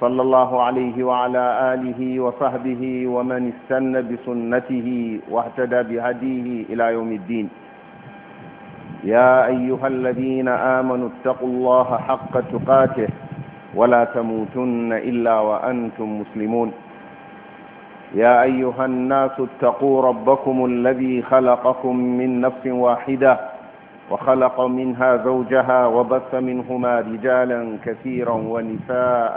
صلى الله عليه وعلى آله وصحبه ومن استنى بسنته واهتدى بهديه إلى يوم الدين يا أيها الذين آمنوا اتقوا الله حق تقاته ولا تموتن إلا وأنتم مسلمون يا أيها الناس اتقوا ربكم الذي خلقكم من نفس واحدة وخلق منها زوجها وبث منهما رجالا كثيرا ونساء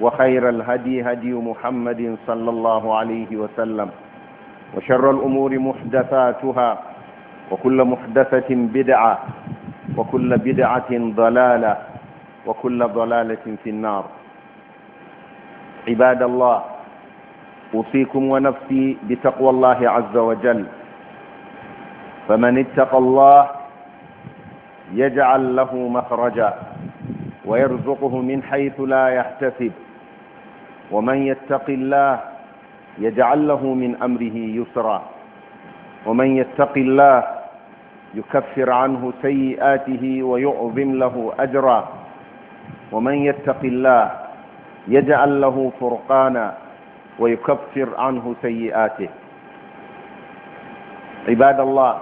وخير الهدي هدي محمد صلى الله عليه وسلم وشر الأمور محدثاتها وكل محدثة بدعة وكل بدعة ضلالة وكل ضلالة في النار عباد الله أوصيكم ونفسي بتقوى الله عز وجل فمن اتقى الله يجعل له مخرجا ويرزقه من حيث لا يحتسب ومن يتق الله يجعل له من أمره يسرا ومن يتق الله يكفر عنه سيئاته ويعظم له أجرا ومن يتق الله يجعل له فرقانا ويكفر عنه سيئاته عباد الله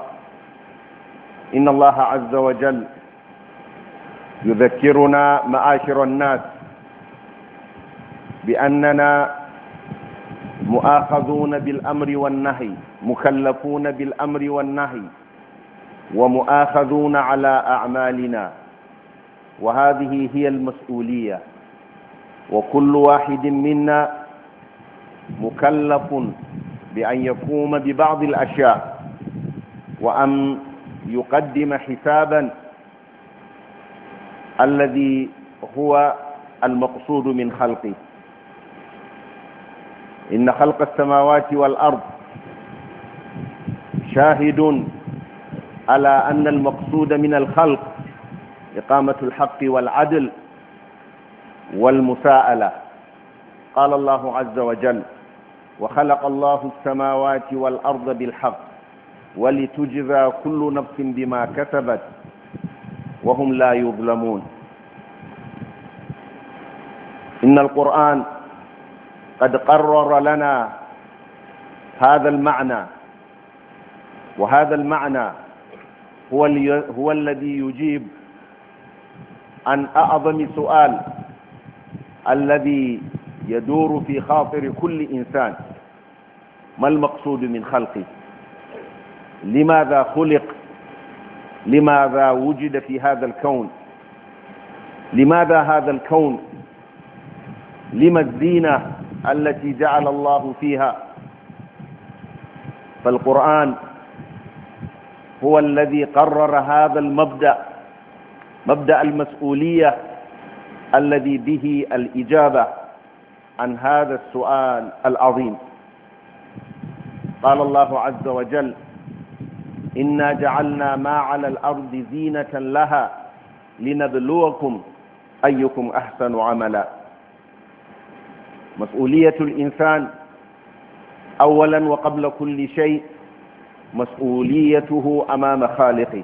إن الله عز وجل يذكرنا معاشر الناس بأننا مؤاخذون بالأمر والنهي مكلفون بالأمر والنهي ومؤاخذون على أعمالنا وهذه هي المسؤولية وكل واحد منا مكلف بأن يقوم ببعض الأشياء وأن يقدم حسابا الذي هو المقصود من خلقه إن خلق السماوات والأرض شاهد على أن المقصود من الخلق إقامة الحق والعدل والمساءلة قال الله عز وجل وخلق الله السماوات والأرض بالحق ولتجزى كل نفس بما كسبت وهم لا يظلمون إن القرآن قد قرر لنا هذا المعنى وهذا المعنى هو, هو الذي يجيب عن أعظم سؤال الذي يدور في خاطر كل إنسان ما المقصود من خلقه لماذا خلق لماذا وجد في هذا الكون لماذا هذا الكون لما الزينة التي جعل الله فيها فالقرآن هو الذي قرر هذا المبدأ مبدأ المسؤولية الذي به الإجابة عن هذا السؤال العظيم قال الله عز وجل إنا جعلنا ما على الأرض زينة لها لنبلوكم أيكم أحسن عملا مسؤولية الإنسان أولا وقبل كل شيء مسؤوليته أمام خالقه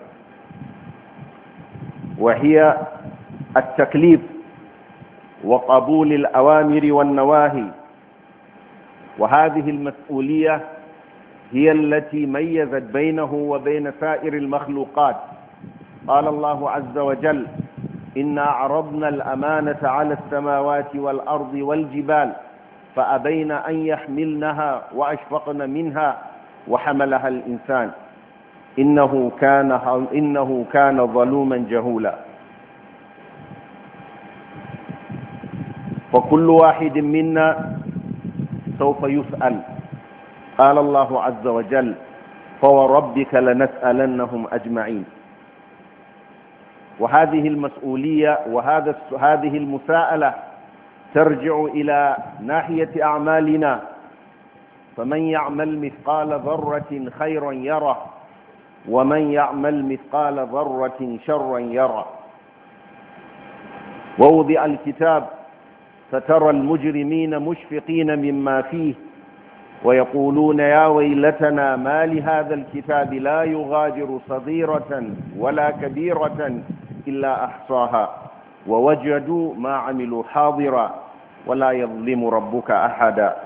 وهي التكليف وقبول الأوامر والنواهي وهذه المسؤولية هي التي ميزت بينه وبين سائر المخلوقات قال الله عز وجل إنا عرضنا الأمانة على السماوات والأرض والجبال فأبين أن يحملنها وأشفقن منها وحملها الإنسان إنه كان, إنه كان ظلوما جهولا فكل واحد منا سوف يسأل قال الله عز وجل فوربك لنسألنهم أجمعين وهذه المسؤولية وهذا هذه المساءلة ترجع إلى ناحية أعمالنا فمن يعمل مثقال ذرة خيرا يره ومن يعمل مثقال ذرة شرا يره ووضع الكتاب فترى المجرمين مشفقين مما فيه ويقولون يا ويلتنا ما لهذا الكتاب لا يغادر صغيرة ولا كبيرة إلا أحصاها ووجدوا ما عملوا حاضرا ولا يظلم ربك أحدا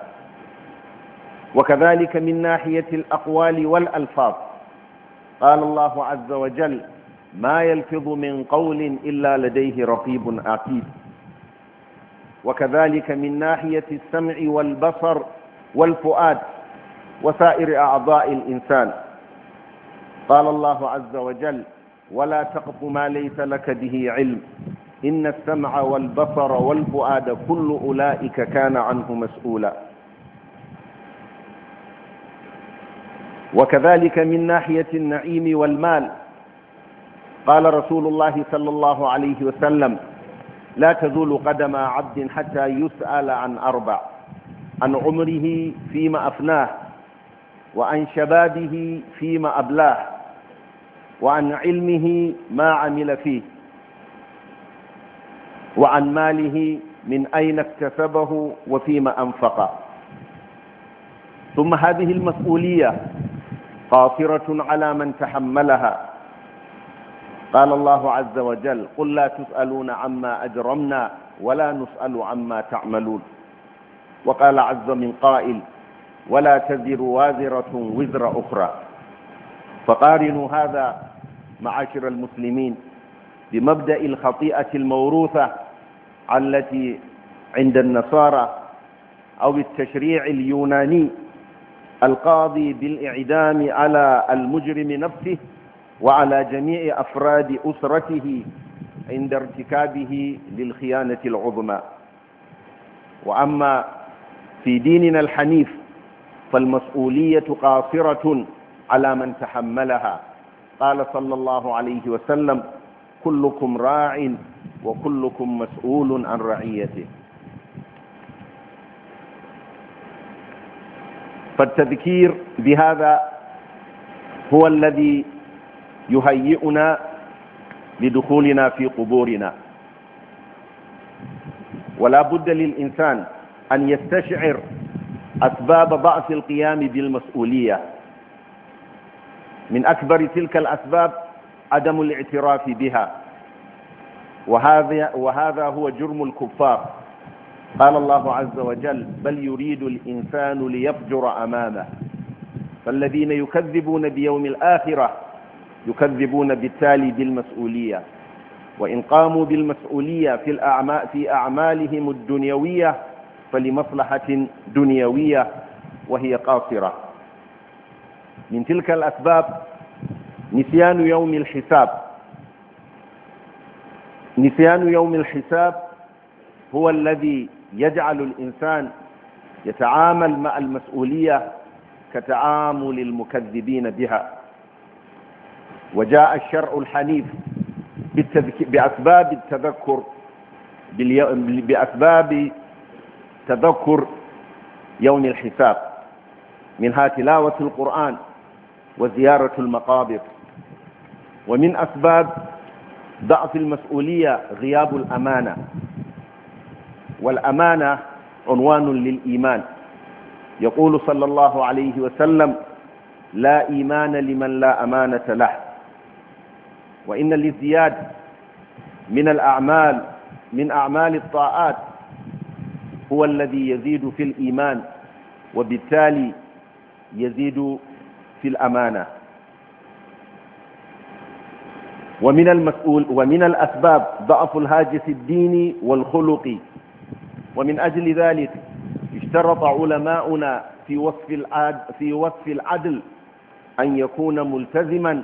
وكذلك من ناحية الأقوال والألفاظ قال الله عز وجل ما يلفظ من قول إلا لديه رقيب عتيد وكذلك من ناحية السمع والبصر والفؤاد وسائر أعضاء الإنسان قال الله عز وجل ولا تقف ما ليس لك به علم إن السمع والبصر والفؤاد كل أولئك كان عنه مسؤولا وكذلك من ناحية النعيم والمال قال رسول الله صلى الله عليه وسلم لا تزول قدم عبد حتى يسأل عن أربع عن عمره فيما أفناه وعن شبابه فيما أبلاه وعن علمه ما عمل فيه وعن ماله من أين اكتسبه وفيما أنفقه ثم هذه المسؤولية قاصرة على من تحملها قال الله عز وجل قل لا تسألون عما أجرمنا ولا نسأل عما تعملون وقال عز من قائل ولا تزر وازرة وزر أخرى فقارنوا هذا معاشر المسلمين بمبدأ الخطيئة الموروثة التي عند النصارى أو التشريع اليوناني القاضي بالإعدام على المجرم نفسه وعلى جميع أفراد أسرته عند ارتكابه للخيانة العظمى وأما في ديننا الحنيف فالمسؤولية قاصرة على من تحملها قال صلى الله عليه وسلم كلكم راع وكلكم مسؤول عن رعيته فالتذكير بهذا هو الذي يهيئنا لدخولنا في قبورنا ولا بد للإنسان أن يستشعر أسباب ضعف القيام بالمسؤولية من أكبر تلك الأسباب عدم الاعتراف بها وهذا, وهذا هو جرم الكفار قال الله عز وجل بل يريد الإنسان ليفجر أمامه فالذين يكذبون بيوم الآخرة يكذبون بالتالي بالمسؤولية وإن قاموا بالمسؤولية في, الأعمال في أعمالهم الدنيوية فلمصلحة دنيوية وهي قاصرة من تلك الأسباب نسيان يوم الحساب نسيان يوم الحساب هو الذي يجعل الإنسان يتعامل مع المسؤولية كتعامل المكذبين بها وجاء الشرع الحنيف بأسباب التذكر بأسباب تذكر يوم الحساب منها تلاوة القرآن وزيارة المقابر ومن أسباب ضعف المسؤولية غياب الأمانة والأمانة عنوان للإيمان يقول صلى الله عليه وسلم لا إيمان لمن لا أمانة له وإن للزياد من الأعمال من أعمال الطاعات هو الذي يزيد في الإيمان وبالتالي يزيد في الأمانة ومن المسؤول ومن الأسباب ضعف الهاجس الديني والخلقي ومن أجل ذلك اشترط علماؤنا في وصف العدل, في وصف العدل أن يكون ملتزما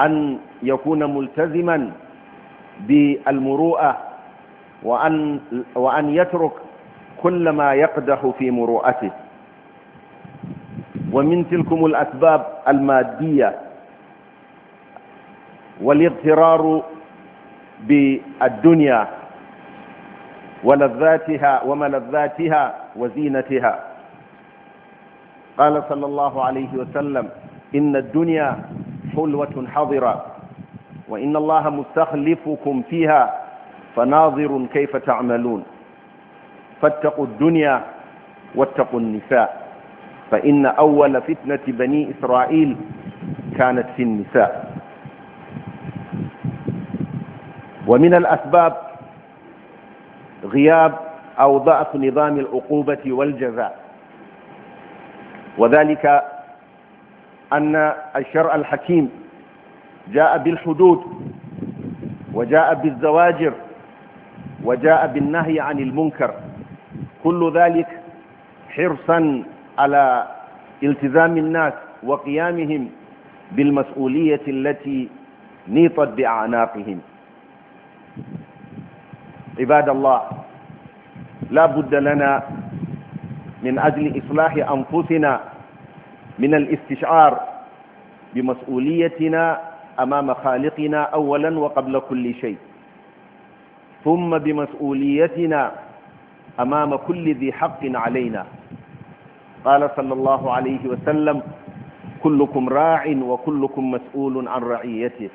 أن يكون ملتزما بالمروءة وأن, وأن يترك كل ما يقدح في مروءته ومن تلكم الأسباب المادية والاغترار بالدنيا ولذاتها وملذاتها وزينتها قال صلى الله عليه وسلم إن الدنيا حلوة حضرة وإن الله مستخلفكم فيها فناظر كيف تعملون فاتقوا الدنيا واتقوا النساء فإن أول فتنة بني إسرائيل كانت في النساء ومن الأسباب غياب أو ضعف نظام العقوبة والجزاء وذلك أن الشرع الحكيم جاء بالحدود وجاء بالزواجر وجاء بالنهي عن المنكر كل ذلك حرصا على التزام الناس وقيامهم بالمسؤولية التي نيطت بأعناقهم عباد الله لا بد لنا من أجل إصلاح أنفسنا من الاستشعار بمسؤوليتنا أمام خالقنا أولا وقبل كل شيء ثم بمسؤوليتنا أمام كل ذي حق علينا قال صلى الله عليه وسلم كلكم راع وكلكم مسؤول عن رعيته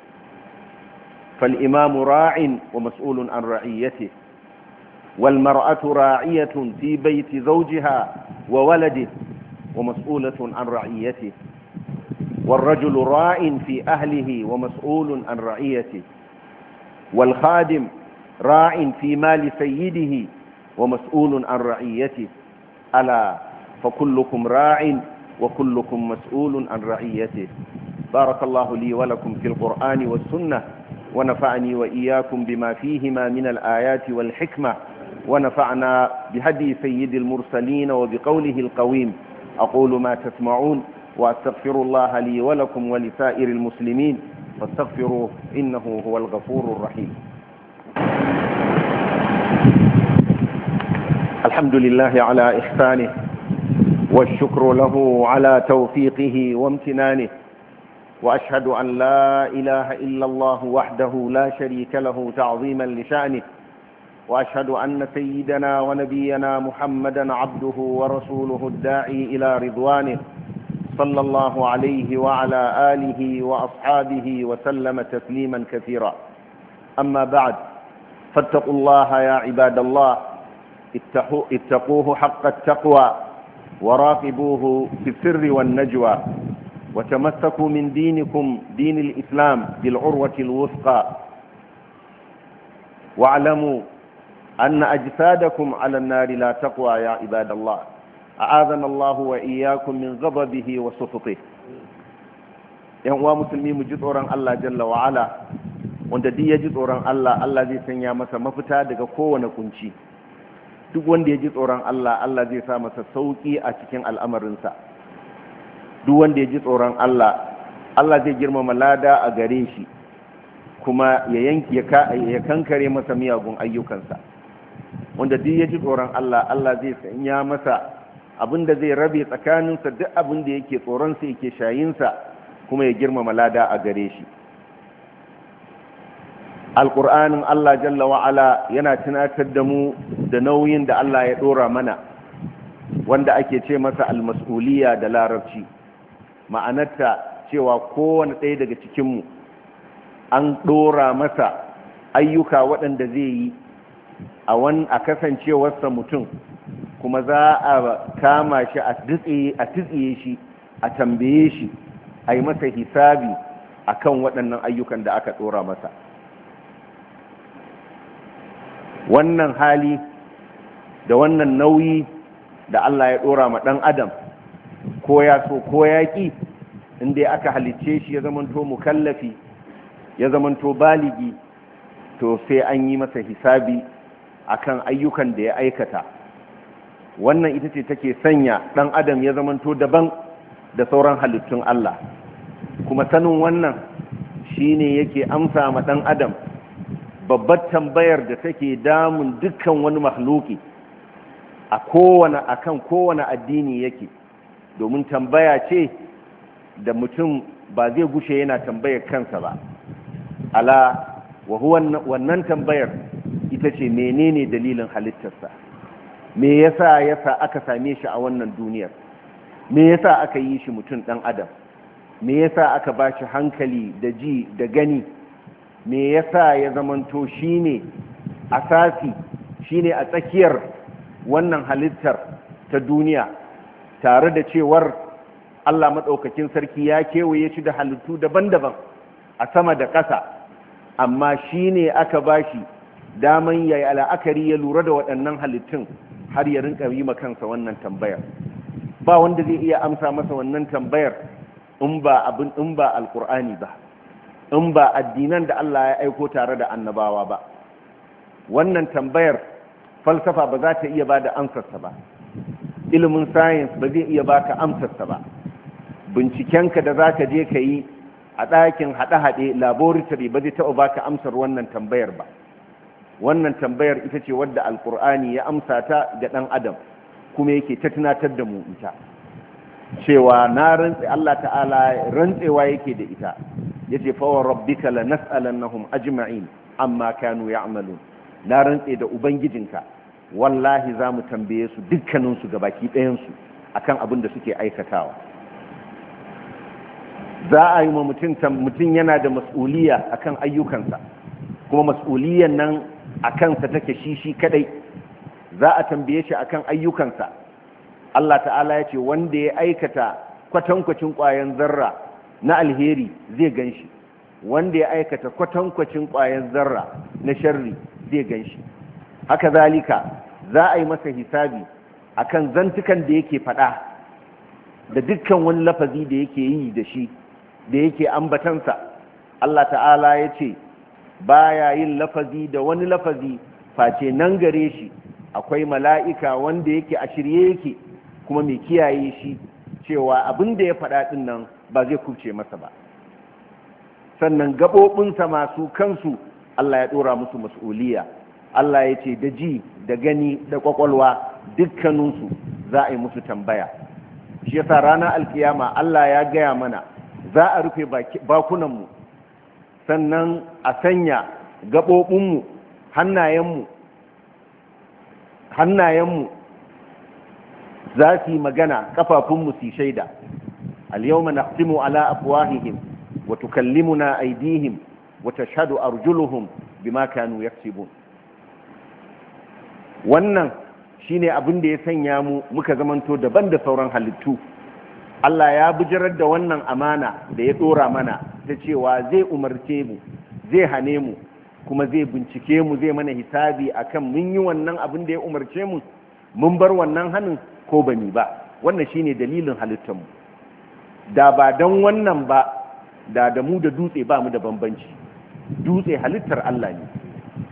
فالإمام راع ومسؤول عن رعيته والمرأة راعية في بيت زوجها وولده ومسؤولة عن رعيته والرجل راع في أهله ومسؤول عن رعيته والخادم راع في مال سيده ومسؤول عن رعيته ألا فكلكم راع وكلكم مسؤول عن رعيته بارك الله لي ولكم في القرآن والسنة ونفعني وإياكم بما فيهما من الآيات والحكمة ونفعنا بهدي سيد المرسلين وبقوله القويم أقول ما تسمعون وأستغفر الله لي ولكم ولسائر المسلمين فاستغفروه إنه هو الغفور الرحيم الحمد لله على إحسانه والشكر له على توفيقه وامتنانه وأشهد أن لا إله إلا الله وحده لا شريك له تعظيما لشأنه وأشهد أن سيدنا ونبينا محمدا عبده ورسوله الداعي إلى رضوانه صلى الله عليه وعلى آله وأصحابه وسلم تسليما كثيرا أما بعد فاتقوا الله يا عباد الله اتقوه حق التقوى وراقبوه في السر والنجوى وتمسكوا من دينكم دين الإسلام بالعروة الوثقى واعلموا أن أجسادكم على النار لا تقوى يا عباد الله أعاذنا الله وإياكم من غضبه وسخطه yan uwa musulmi mu ji tsoron Allah jalla wa ala wanda duk ya ji tsoron Allah Allah zai sanya masa duk wanda ya ji tsoron Allah Allah zai sa masa sauki a cikin al'amarinsa duk wanda ya ji tsoron Allah Allah zai girmama lada a gare shi kuma ya yanki ya kankare masa miyagun ayyukansa wanda duk ya ji tsoron Allah Allah zai sanya masa abin da zai rabe tsakaninsa duk abin abinda yake tsoronsa yake shayinsa kuma ya girmama lada a gare shi alƙur'anin Allah jalla wa'ala yana tunatar da mu da nauyin da Allah ya ɗora mana wanda ake ce masa almas'uliya da larabci ma'anarta cewa kowane ɗaya daga cikinmu an ɗora masa ayyuka waɗanda zai yi a kasancewarsa mutum kuma za a kama shi a tutsiye shi a tambaye shi a yi masa hisabi a kan waɗannan ayyukan da aka ɗora masa wannan hali da wannan nauyi da Allah ya dora ma dan adam ko ya so ko ya ki inda aka halicce shi ya zamanto mukallafi ya zamanto baligi to sai an yi masa hisabi akan ayyukan da ya aikata wannan ita ce take sanya dan adam ya zamanto daban da sauran halittun Allah kuma sanin wannan shine yake amsa ma dan adam babbar tambayar da take damun dukkan wani mahluki a kowane akan kowane addini yake domin tambaya ce da mutum ba zai gushe yana tambayar kansa ba ala wannan tambayar ita ce menene dalilin halittarsa me yasa yasa aka same shi a wannan duniyar me yasa aka yi shi mutum dan adam me yasa aka ba shi hankali da ji da gani me yasa ya zamanto shine asasi shine a tsakiyar wannan halittar ta duniya tare da cewar Allah maɗaukakin sarki ya kewaye shi da halittu daban-daban a sama da ƙasa amma shine aka bashi daman ya yi al'akari ya lura da waɗannan halittun har ya rinka yi kansa wannan tambayar ba wanda zai iya amsa masa wannan tambayar in ba abin in ba alkur'ani ba in ba addinan da Allah ya aiko tare da annabawa ba wannan tambayar falsafa ba za ta iya ba da amsarsa ba ilimin science ba zai iya ba ka amsarsa ba bincikenka da za ka je ka yi a ɗakin haɗe-haɗe laboratory ba zai taɓa ba ka amsar wannan tambayar ba wannan tambayar ita ce wadda alkur'ani ya amsa ta ga ɗan adam kuma yake ta tunatar da mu ita cewa na rantse Allah ta'ala rantsewa yake da ita yace fa wa rabbika nas'alannahum ajma'in amma kanu ya'malun na rantse da ubangijinka wallahi za mu tambaye su dukkanin su gabaki ɗayan su akan abin da suke aikatawa za a yi ma mutum yana da mas'uliya akan ayyukansa kuma mas'uliyan nan a kansa take shi shi kadai za a tambaye shi akan ayyukansa Allah ta'ala ya ce wanda ya aikata kwatankwacin ƙwayan zarra na alheri zai ganshi wanda ya aikata kwatankwacin ƙwayar zarra na sharri zai ganshi haka zalika za a yi masa hisabi a kan zantukan da yake faɗa da dukkan wani lafazi da yake yi da shi da yake ambatansa Allah ta'ala ya ce ba ya yin lafazi da wani lafazi face nan gare shi akwai mala'ika wanda yake a shirye yake kuma mai kiyaye shi cewa abin da ya faɗa nan ba zai kuce masa ba sannan gaɓoɓinsa masu kansu Allah ya ɗora musu mas'uliya Allah ya ce da ji da gani da ƙwaƙwalwa dukkaninsu za a yi musu tambaya shi yasa ranar alkiyama Allah ya gaya mana za a rufe bakunanmu sannan a sanya gaɓoɓinmu hannayenmu hannayenmu za su yi magana kafafunmu su shaida اليوم نختم على ala وتكلمنا أيديهم وتشهد أرجلهم بما كانوا arjuluhum bima kanu أبن wannan shine abin da ya sanya mu muka zamanto daban da sauran halittu Allah ya bujirar da wannan amana da ya dora mana ta cewa zai umarce mu zai hane mu kuma zai bincike mu zai mana hisabi akan mun yi wannan abin da ya umarce mu mun bar wannan hannun ko bani ba wannan shine dalilin halittar mu da ba don wannan ba da da mu da dutse ba mu da bambanci dutse halittar Allah ne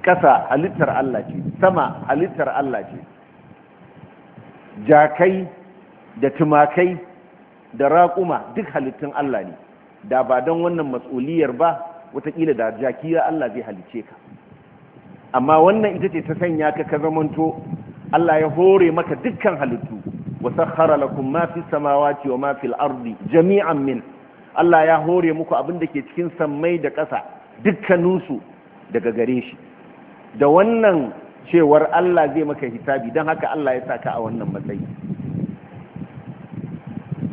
ƙasa halittar Allah ce sama halittar Allah ce jakai da tumakai da raƙuma duk halittun Allah ne da ba don wannan matsoliyar ba wataƙila da jakiya Allah zai halice ka amma wannan ita ce ta sanya ka ka zamanto Allah ya hore maka dukkan halittu وسخر wa ما في السماوات ardi Jami'an min Allah ya hore muku abin da ke cikin samai da ƙasa dukkaninsu daga gare shi. da wannan cewar Allah zai maka hisabi don haka Allah ya saka a wannan matsayi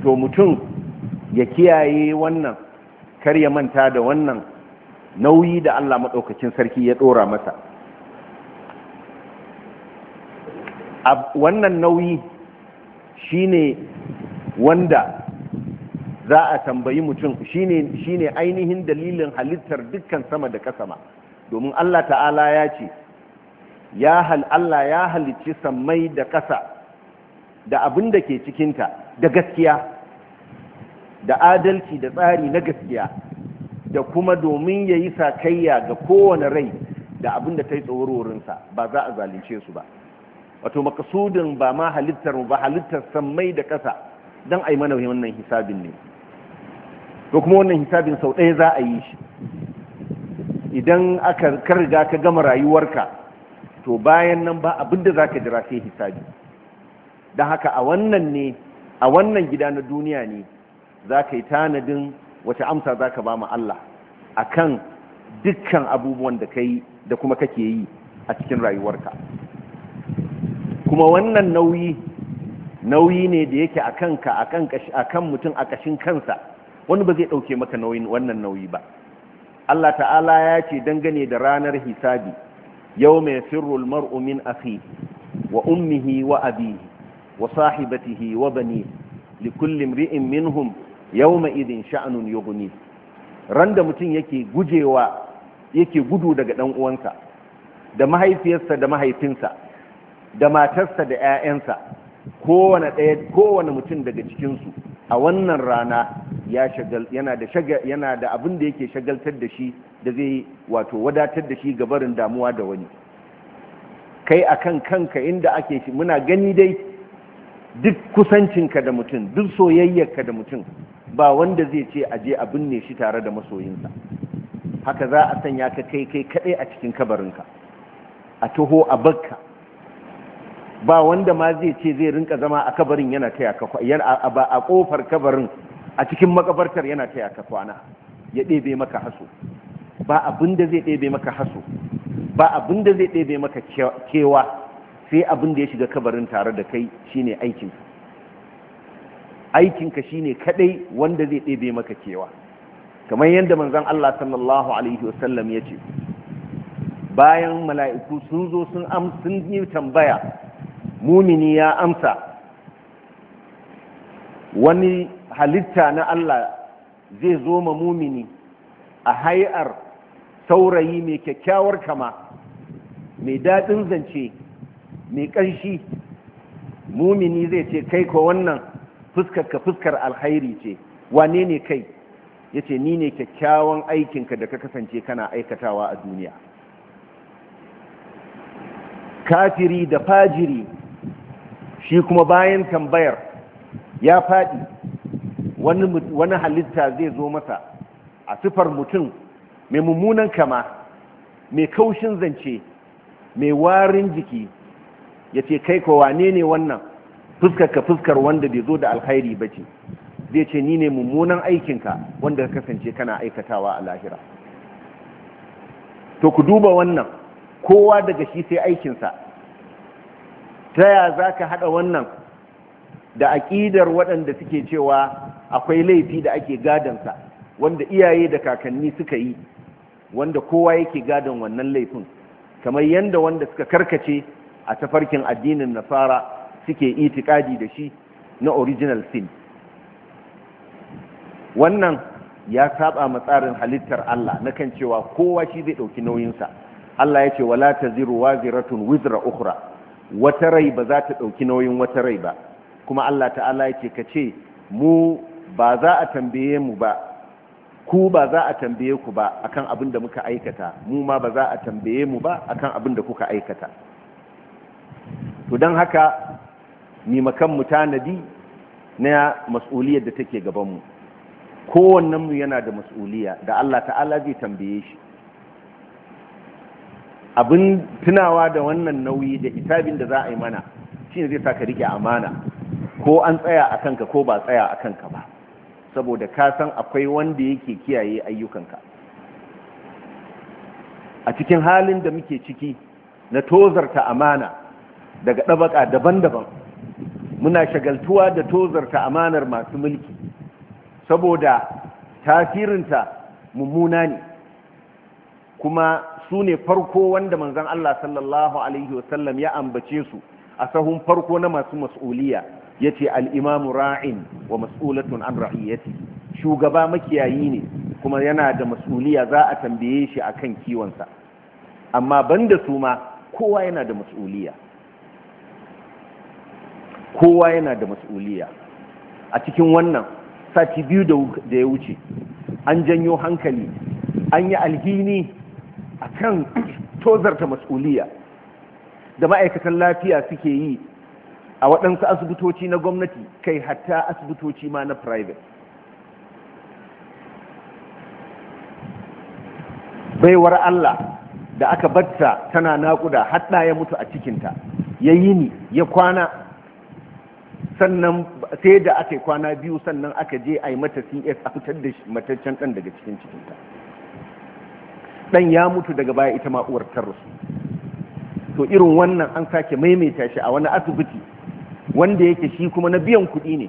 to mutum ya kiyaye wannan kar ya manta da wannan nauyi da Allah maɗaukacin sarki ya ɗora masa wannan nauyi shine wanda za a tambayi mutum shine ne ainihin dalilin halittar dukkan sama da kasama domin Allah ta'ala ya ce ya hal Allah ya halicci sammai da ƙasa da abin da ke cikinta da gaskiya da adalci da tsari na gaskiya da kuma domin ya yi sakayya ga kowane rai da abin da ta yi tsawarorinsa ba za a zalunce su ba wato makasudin ba ma halittar ba halittar sammai da ƙasa don a yi mana wannan hisabin ne ko kuma wannan hisabin sau ɗaya za a yi shi idan aka karga ka gama rayuwarka to bayan nan ba abin da za ka jira sai hisabi don haka a wannan ne a wannan gida na duniya ne za ka yi tanadin wace amsa za ka ba ma Allah a kan dukkan abubuwan da ka yi da kuma kake yi a cikin rayuwarka kuma wannan nauyi nauyi ne da yake a kanka a kan mutum a kashin kansa wani ba zai ɗauke maka nauyin wannan nauyi ba Allah ta'ala ya ce dangane da ranar hisabi yau mai firul mar'u min wa ummihi wa abi wa sahibatihi wa bani li ri'in ri'in minhum mai idin sha'nun yughni ran da mutum yake gujewa yake gudu daga ɗanuwansa da mahaifiyarsa da mahaifinsa da matarsa da 'ya'yansa kowane mutum daga cikinsu a wannan rana yana da abin da yake shagaltar da shi da zai wato wadatar da shi gabarin damuwa da wani kai akan kanka inda ake shi muna gani dai duk kusancinka da mutum duk soyayyarka da mutum ba wanda zai ce a je a binne shi tare da masoyinsa haka za a sanya ka kai kai kaɗai a cikin kabarinka a taho a bakka ba wanda ma zai ce zai rinka zama a kabarin yana taya ka a kofar kabarin a cikin makabartar yana taya ka kwana ya ɗebe maka haso ba abin da zai ɗebe maka haso ba abin da zai ɗebe maka kewa sai abin da ya shiga kabarin tare da kai shine aikin aikinka shine kadai wanda zai ɗebe maka kewa kamar yadda manzon Allah sallallahu alaihi wasallam ya ce bayan mala'iku sun zo sun am sun yi tambaya mumini ya amsa wani halitta na Allah zai zo ma mumini a hai'ar saurayi mai kyakkyawar kama mai daɗin zance mai ƙanshi mumini zai ce kai ko wannan fuskar fuskar alhairi ce wane ne kai ya ce ni ne kyakkyawan aikinka da ka kasance kana aikatawa a duniya kafiri da fajiri shi kuma bayan tambayar ya faɗi wani halitta zai zo masa a sifar mutum mai mummunan kama mai kaushin zance mai warin jiki ya ce kai kowa ne ne wannan fuskar ka fuskar wanda bai zo da alkhairi ba ce zai ce ni ne mummunan aikinka wanda ka kasance kana aikatawa a lahira to ku duba wannan kowa daga shi sai aikinsa ta ya za ka haɗa wannan da aƙidar waɗanda suke cewa akwai laifi da ake gadonsa wanda iyaye da kakanni suka yi wanda kowa yake gadon wannan laifin kamar yadda wanda suka karkace a tafarkin addinin nasara suke itikadi da shi na original sin wannan ya saba matsarin halittar Allah na kan cewa kowa shi zai ɗauki nauyinsa Allah ya ce wala wa ziratun wizra ukura. wata rai ba za ta ɗauki nauyin wata rai ba kuma Allah ta'ala ya ce ka ce mu ba za a tambaye mu ba ku ba za a tambaye ku ba akan abin da muka aikata mu ma ba za a tambaye mu ba akan abin da kuka aikata to don haka makan mu tanadi na mas'uliyar da take gabanmu kowannenmu yana da mas'uliya da Allah ta'ala zai tambaye shi abin tunawa da wannan nauyi da isabin da za a yi mana shi zai sa ka rike amana ko an tsaya a kanka ko ba tsaya a kanka ba saboda ka san akwai wanda yake kiyaye ayyukanka a cikin halin da muke ciki na tozarta amana daga ɗabaka daban-daban muna shagaltuwa da tozarta amanar masu mulki saboda tasirinta mummuna ne kuma su ne farko wanda manzan Allah sallallahu alaihi wasallam ya ambace su a sahun farko na masu mas'uliya yace al-imamu ra'in wa mas'ulatun an ra'iyati shugaba makiyayi ne kuma yana da mas'uliya za a tambaye shi a kan kiwonsa amma banda su ma kowa yana da mas'uliya kowa yana da mas'uliya a cikin wannan sati biyu da ya wuce an janyo hankali an yi alhini a kan tozarta mas'uliya da ma'aikatan lafiya suke yi a waɗansu asibitoci na gwamnati kai hatta asibitoci ma na private baiwar Allah da aka batta tana naƙuda haɗa ya mutu a cikinta ya yi ni ya kwana sannan sai da aka kwana biyu sannan aka je a yi mata cs a fitar da mataccen ɗan daga cikin cikinta dan ya mutu daga baya ita ma uwar ta rasu to irin wannan an sake maimaita shi a wani asibiti wanda yake shi kuma na biyan kuɗi ne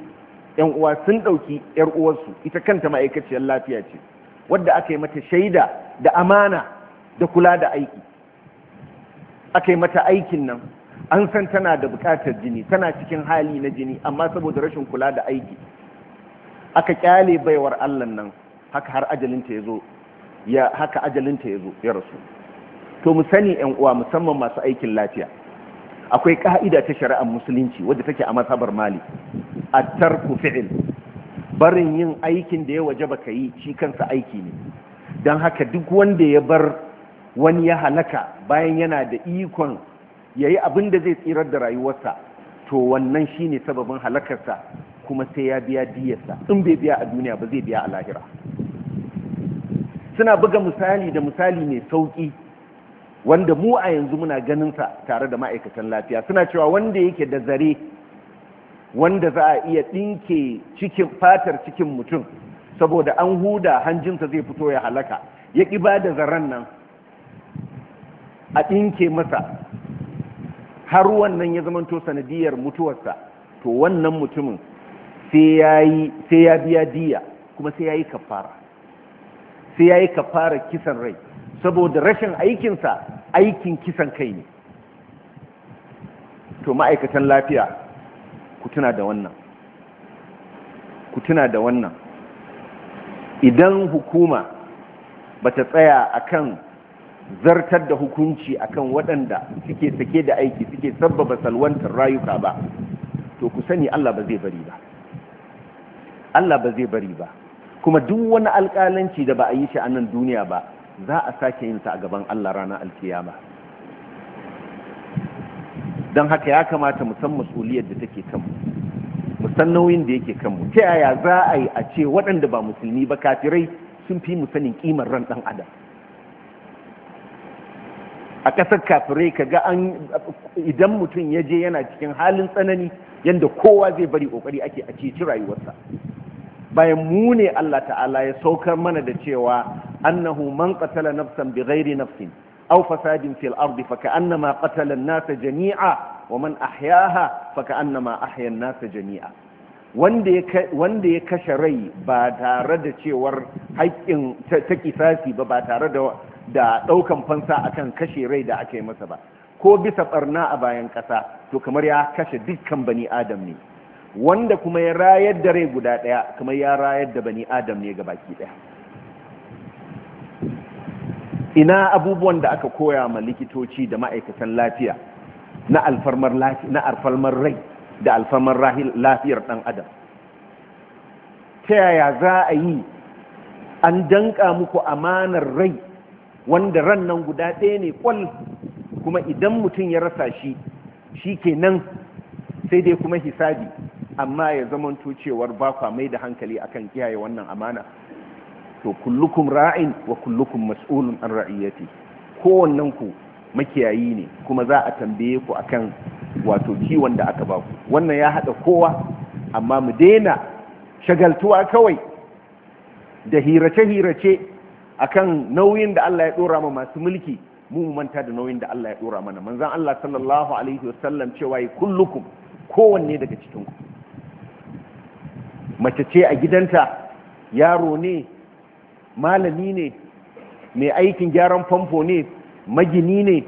yan uwa sun ɗauki yar uwarsu ita kanta ma'aikaciyar lafiya ce wadda aka yi mata shaida da amana da kula da aiki aka yi mata aikin nan an san tana da buƙatar jini tana cikin hali na jini amma saboda rashin kula da aiki aka kyale baiwar allah nan haka har ajalinta ya zo ya haka ajalinta ya zo ya rasu to mu sani yan uwa musamman masu aikin lafiya akwai ka'ida ta shari'ar musulunci wadda take a masabar mali at-tarku fi'l barin yin aikin da ya wajaba yi shi kansa aiki ne dan haka duk wanda ya bar wani ya halaka bayan yana da ikon yayi abin da zai tsirar da rayuwarsa to wannan shine sababin halakarsa kuma sai ya biya diyarsa in bai biya a duniya ba zai biya a lahira suna buga misali da misali mai sauki wanda mu a yanzu muna ganin sa tare da ma'aikatan lafiya suna cewa wanda yake da zare wanda za a iya dinke cikin fatar cikin mutum saboda an huda hanjinsa zai fito ya halaka ya ƙi ba da zaren nan a ɗinke masa har wannan ya zamanto sanadiyar mutuwarsa to wannan mutumin sai ya biya diya kuma sai ya yi kafara sai ya yi ka fara kisan rai saboda rashin aikinsa aikin kisan kai ne to ma'aikatan lafiya ku tuna da wannan ku tuna da wannan idan hukuma ba ta tsaya akan zartar da hukunci akan waɗanda suke sake da aiki suke sabbaba salwantar rayuka ba to ku sani Allah ba zai bari ba Allah ba zai bari ba kuma duk wani alƙalanci da ba a yi shi a nan duniya ba za a sake yin sa a gaban Allah ranar alkiyama don haka ya kamata mu san masuliyar da take kanmu mu san nauyin da yake kanmu ta yaya za a yi a ce waɗanda ba musulmi ba kafirai sun fi mu sanin kimar ran ɗan adam a ƙasar kafirai ka ga an idan mutum ya je yana cikin halin tsanani yadda kowa zai bari ƙoƙari ake a ceci rayuwarsa bayan mu ne Allah ta'ala ya saukar mana da cewa annahu man qatala nafsan ghairi nafsin aw fasadin fil ardi fa ka'annama qatala an-nasa jami'a wa man ahyaha fa ka'annama ahya an-nasa jami'a wanda ya wanda ya kashe rai ba tare da cewar haƙƙin ta kisasi ba ba tare da da daukan fansa akan kashe rai da aka yi masa ba ko bisa barna a bayan ƙasa to kamar ya kashe dukkan bani adam ne wanda kuma ya rayar da rai guda ɗaya, kamar ya rayar da bani adam ne ga baki ɗaya. ina abubuwan da aka koya ma likitoci da ma'aikatan lafiya na alfarmar rai da alfarmar lafiyar ɗan adam ta yaya za a yi an danka muku amanar rai wanda ran nan guda ɗaya ne ƙwal kuma idan mutum ya rasa shi shi kenan sai dai kuma hisabi amma ya zamanto cewar ba kwa mai da hankali akan kiyaye wannan amana to kullukum ra'in wa kullukum mas'ulun an ra'iyati kowannen ku makiyayi ne kuma za a tambaye ku akan wato kiwon da aka ba ku wannan ya hada kowa amma mu daina shagaltuwa kawai da hirace-hirace akan nauyin da Allah ya dora ma masu mulki mu mu manta da nauyin da Allah ya dora mana manzon Allah sallallahu alaihi wasallam cewa kullukum kowanne daga cikinku. mace ce a gidanta yaro ne malami ne mai aikin gyaran famfo ne magini ne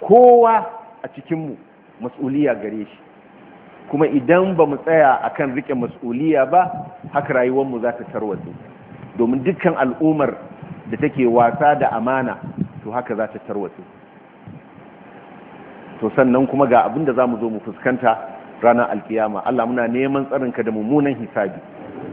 kowa a cikinmu mas'uliya gare shi kuma idan ba mu tsaya a kan riƙe mas'uliya ba haka rayuwanmu za ta tarwatsu domin dukkan al'ummar da take wasa da amana to haka za ta tarwatsu to sannan kuma ga abin da za mu zo mu fuskanta ranar alkiyama Allah muna neman tsarinka da mummunan hisabi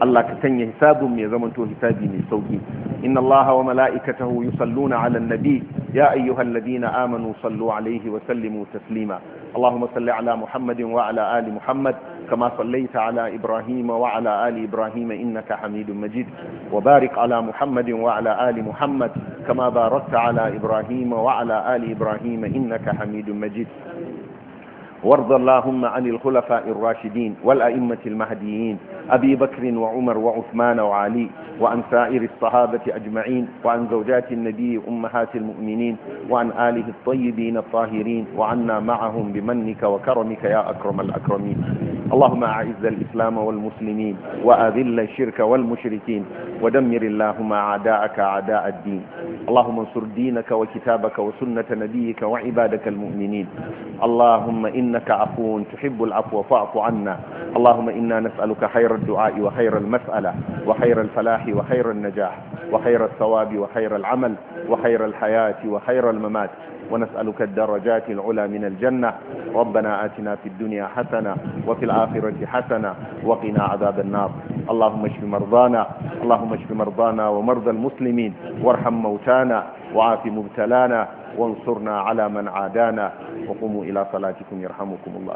Allah ka sanya hisabun mai zamanto hisabi mai sauki inna Allah wa mala'ikatahu yusalluna 'alan nabi ya ayyuhalladhina amanu sallu 'alayhi wa sallimu taslima Allahumma salli 'ala Muhammadin wa 'ala ali Muhammad kama sallaita 'ala Ibrahim wa 'ala ali Ibrahim innaka Hamidum Majid wa barik 'ala Muhammadin wa 'ala ali Muhammad kama barakta 'ala Ibrahim wa 'ala ali Ibrahim innaka Hamidum Majid وارض اللهم عن الخلفاء الراشدين والأئمة المهديين أبي بكر وعمر وعثمان وعلي وعن سائر الصحابة أجمعين وعن زوجات النبي أمهات المؤمنين وعن آله الطيبين الطاهرين وعنا معهم بمنك وكرمك يا أكرم الأكرمين اللهم أعز الإسلام والمسلمين وأذل الشرك والمشركين ودمر اللهم أعداءك أعداء الدين اللهم انصر دينك وكتابك وسنة نبيك وعبادك المؤمنين اللهم إنك عفو تحب العفو فاعف عنا اللهم إنا نسألك خير الدعاء وخير المسألة وخير الفلاح وخير النجاح وخير الثواب وخير العمل وخير الحياة وخير الممات ونسألك الدرجات العلى من الجنة ربنا آتنا في الدنيا حسنة وفي الآخرة حسنة وقنا عذاب النار اللهم اشف مرضانا اللهم اشف مرضانا ومرضى المسلمين وارحم موتانا وعاف مبتلانا وانصرنا على من عادانا وقوموا إلى صلاتكم يرحمكم الله